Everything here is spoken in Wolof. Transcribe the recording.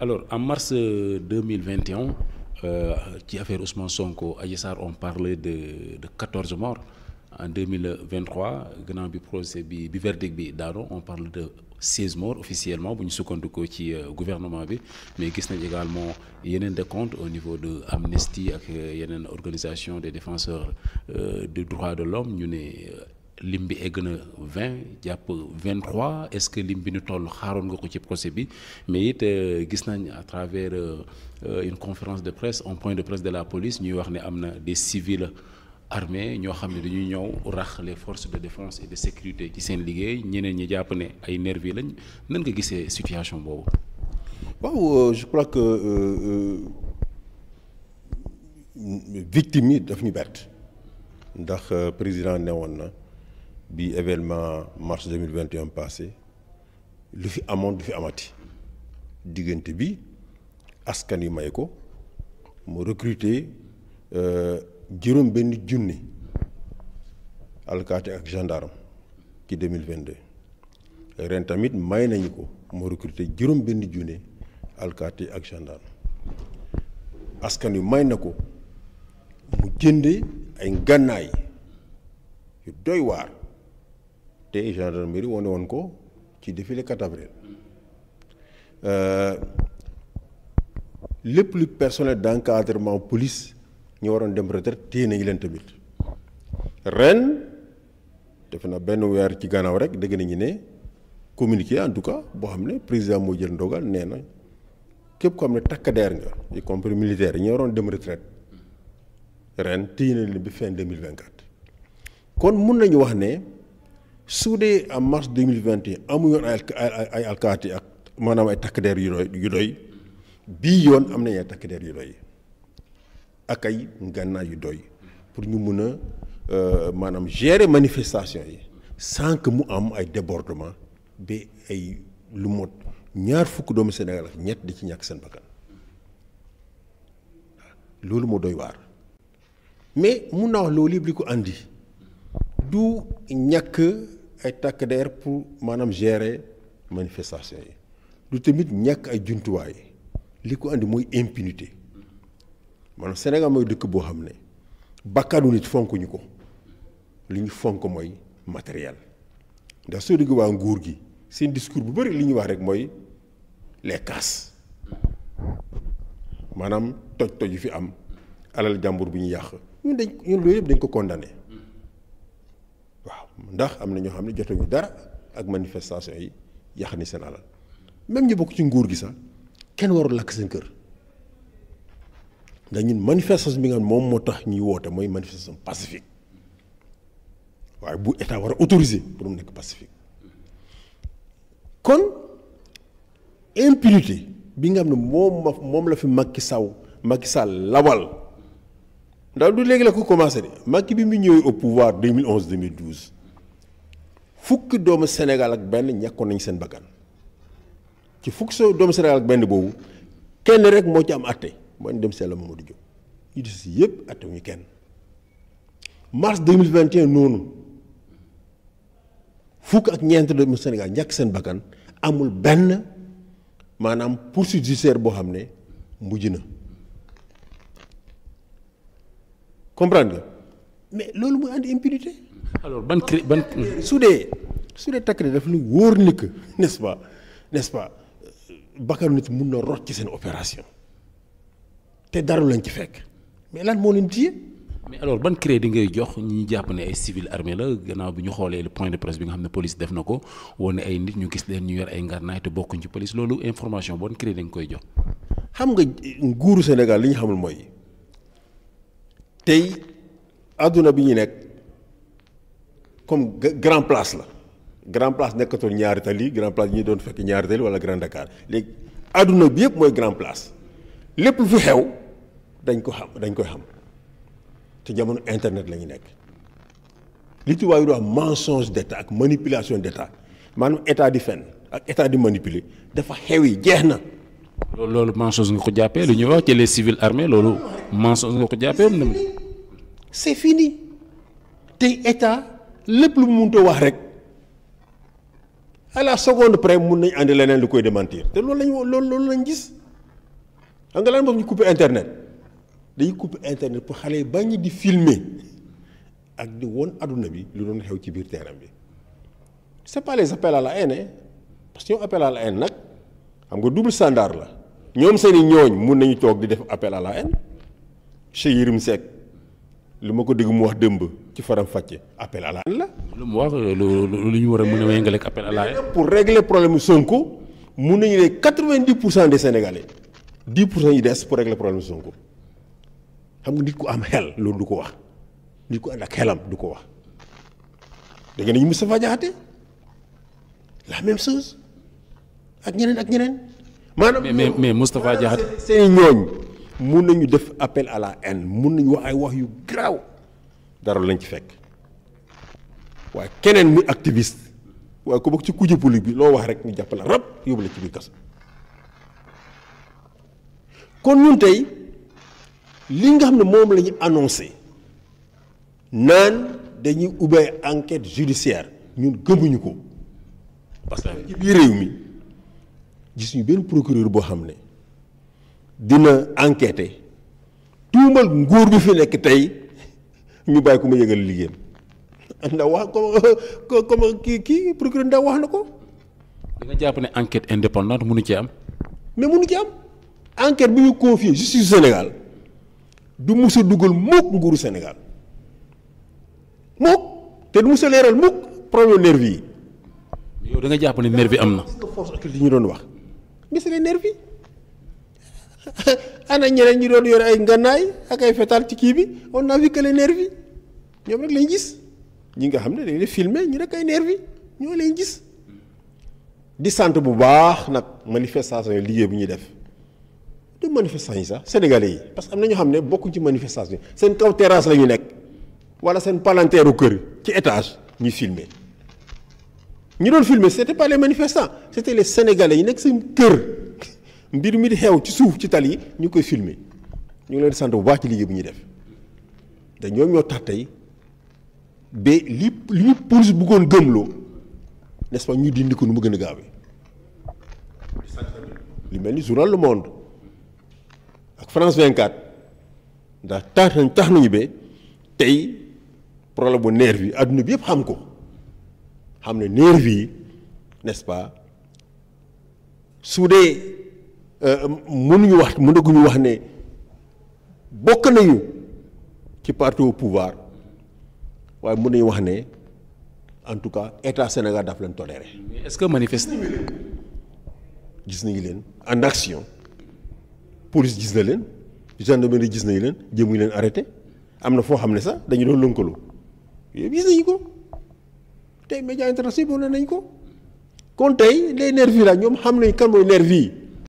alors en mars 2021 euh, euh, ci affaire Ousmane Sonko Adji Sarr on parlait de de quatorze morts en 2023 gannaaw bi procès bi bi verdict bi daano on parle de seize morts officiellement bu ñu sukkandikoo ci euh, gouvernement bi mais gis nañ également yeneen décompte au niveau de Amnesty ak yeneen organisation des défenseurs des droits de l'homme ñu ne lim bi egg na vingt jàpp vingt trois est-ce que lim bi ñu toll xaaroon nga ko ci procès bi mais it euh, gis nañ à travers euh, euh, une conférence de presse un point de presse de la police ñuy wax ne am na des civils armés ñoo xam ne dañuy ñëw rax les forces de défense et de sécurité ci seen liggéey ñeneen ñi jàpp ne ay nervis lañ nan nga gisee situation boobu. waaw je crois que victime yi daf ñu bett ndax président woon na. bi événement mars 2021 passé lu fi amoon du fi amati diggante bi askan yu may ko mu recruter euh, juróom benn junni alkaati ak gendarme ci ren tamit may nañu ko mu recruter juróom benn junni alkaati ak gendarme askan yu may na ko mu jënde ay ngànnaay yu doy waar te gendarmerie wane woon ko ci défilé 4 avril euh, lépp lu personnel d' encadrement police ñu waroon dem retraite téye nañu leen tamit ren def na benn weer ci gannaaw rek dégg nañu ne communiqué en tout cas boo xam ne président moo jël ndogal nee na képp ko xam ne takk der nga y compris militaire ñu waroon dem retraite ren téye na leen bi fin kon mun nañu wax ne. su dee en mars 2021 amuñoon ay ay alkaati ak maanaam ay takk der yu doy yu doy bii yoon am nañu ay takk der yu doy ak ay ngànnaay yu doy pour ñu mun a euh, maanaam gérer manifestation yi sans mu am ay débordement bi ay lu mot ñaar fukk doomu Sénégal ak ñett di ci ñàkk seen bakkan loolu moo doy waar mais mun naa wax loolu yëpp li ko indi du ñàkk ay takk der pour maanaam gérer manifestation yi du tamit ñàkk ay jumtuwaay li ko indi mooy impunité maanaam Sénégal mooy dëkk boo xam ne bakkanu nit fonkuñu ko li ñu fonk mooy matériel ndax soo dégg waa nguur gi seen discours bu bari li ñuy wax rek mooy les casses maanaam toj-toj yu fi am alal jàmbur bu ñu yàq ñun dañ ñun loolu yëpp dañ ko condamné. ndax am na ñoo xam ne jotuñu dara ak manifestation yi yàq ni seen alal même ñu bokk ci nguur gi sax kenn warul lakk seen kër ndax ñun manifestation bi nga xam moom moo tax ñuy woote mooy manifestation pacifique waaye bu état war a pour mu nekk pacifique kon impunité bi nga xam ne moom moom la fi mag Macky Sall Macky Sall lawal ndax du léegi la ko commencé de Macky bi mu ñëwee au pouvoir 2011 2012. fukk doomu Sénégal ak benn ñàkkoon nañu seen bakkan ci fukki soo doomu Sénégal ak benn boobu kenn rek moo ci am atte mooy dem moom Seydou Mamadou Diop yu des yëpp atte wuñu kenn mars 2021 noonu fukk ak ñeent doomu Sénégal ñàkk seen bakkan amul benn maanaam poursuite judiciaire boo xam ne mujj na comprendre nga mais loolu mooy andi impunité. alors ban cri ban. su dee su dee takk daf lu wóor ni que n'est-ce pas nest pas bakkanu nit mun na rot ci seen opération te dara lañ ci fekk mais lan moo leen téye. mais alors ban di ngay jox ñu jàpp ne ay civil armé la gannaaw bi ñu xoolee le point de presse bi nga xam ne police def na ko woon ay nit ñu gis leen ñu yor ay ngarnaay te bokkuñ ci police loolu information ban crédit nga koy jox. xam nga nguuru Sénégal li ñu xamul mooy tey àdduna bi ñu nekk. comme grand place la grand place nekkatul ñaari tali grand place ñi doon fekk ñaari tali wala grand Dakar léegi àdduna bi yëpp mooy grand place lépp lu fi xew dañ ko xam dañ koy xam te jamono internet la ñu nekk li ci waayu wax mensonge d'état ak manipulation d'état maanaam état di fen ak état di manipuler dafa xew yi jeex na. loolu loolu mensonge nga ko jàppee lu ñuy wax ci les civils armés loolu mensonge nga ko jàppee am na. c'est fini tey état. lépp lu mu mënta wax rek à la seconde près mun nañ àndi leneen lu koy démentir te loolu lañ loolu loolu lañ gis xam nga lan moom ñu couper internet dañuy couper internet pour xale yi bañ di filmer ak di woon àdduna bi lu doon xew ci biir terrain bi c'est pas les appels à la haine appel à la nag xam nga double standard la ñoom seeni ñooñ mun nañu toog di def appel à la chez Yérim Seck li ma ko dégg mu wax dëmb ci faram fàcce appel à la lu mu wax lu ñu war a mën a yëngale ak appel à la pour régler problème mu Sonko mun nañu ne quatre-vingt-dix pour cent des sénégalais dix pour cent yi des pour régler problème mu Sonko xam nga nit ku am xel loolu du ko wax nit ku ànd ak xelam du ko wax dégg nañu Moustapha Diakhaté la même chose ak ñeneen ak ñeneen. maanaam mais mais Moustapha Diakhaté seen ñooñ. mun nañu def appel à la haine mun nañu wax ay wax yu garaaw dara lañ ci fekk waaye keneen muy activiste waaye ku bokk ci kujje politique bi loo wax rek ñu jàppale rab yóbbu la ci biir kaso kon ñun tey li nga xam ne moom la ñu annoncé naan dañuy ubbee enquête judiciaire ñun gëmuñu ko parce que ci biir réew mi gis ñu benn procureur boo xam ne. dina enquêter tuumal nguur bi fi lekk tey ñu bàyyi ko mu yëgal liggéeyam ndax wax comme comme kii pour que ndaw wax na ko. da jàpp ne enquête indépendante mënu ci am. mais mënu ci am enquête bi ñu confié justice Sénégal du mus a dugal mukk nguuru Sénégal mukk te du mus a leeral mukk problème nervi yi. yow da nga nervi am na. force occulte doon wax mais c'est nervi ana ñeneen ñi doon yore ay ngannaay ak ay fetal ci kii bi on a vu que ñoom rek lañ gis ñi nga xam ne dañuy filmer ñu rek ay nervis ñoo leen gis. di sant bu baax nag manifestation yi liggéey bu ñuy def du manifestation yi sax sénégalais yi parce que am na ñoo xam ne bokkuñ ci manifestation seen kaw terrasse la ñu nekk wala seen palanteeru kër ci étage ñuy filmer ñu doon filmer c'était pas les manifestants c'était les yi nekk seen kër. mbir mi di xew ci suuf ci tali ñu koy filmer ñu ngi leen di sant bu baax ci liggéey bu ñuy def te ñoom ñoo tax tey ba li li ñu police bëggoon gëmloo n'est-ce pas ñu dindi ko nu mu gën a gaawee. li mel ni journal Le Monde ak France 24 ndax tax nañ tax nañu ba tey problème bu nervi yi adduna bi yëpp xam ko xam ne nervi yi n'est-ce pas su dee Euh, mënuñu wax mun mënaguñu wax ne bokk nañu ci parti au pouvoir waaye mën nañu wax ne en tout cas état Sénégal daf leen toléré. est-ce que manifeste gis nañu leen en action police gis na leen gendarmerie gis nañu leen jéemuñu leen arrêté am na foo xam ne sax dañu doon lënkaloo yëpp gis nañu ko tey médias internationaux nañ ko kon tey les nervis la ñoom xam nañ kan mooy nervi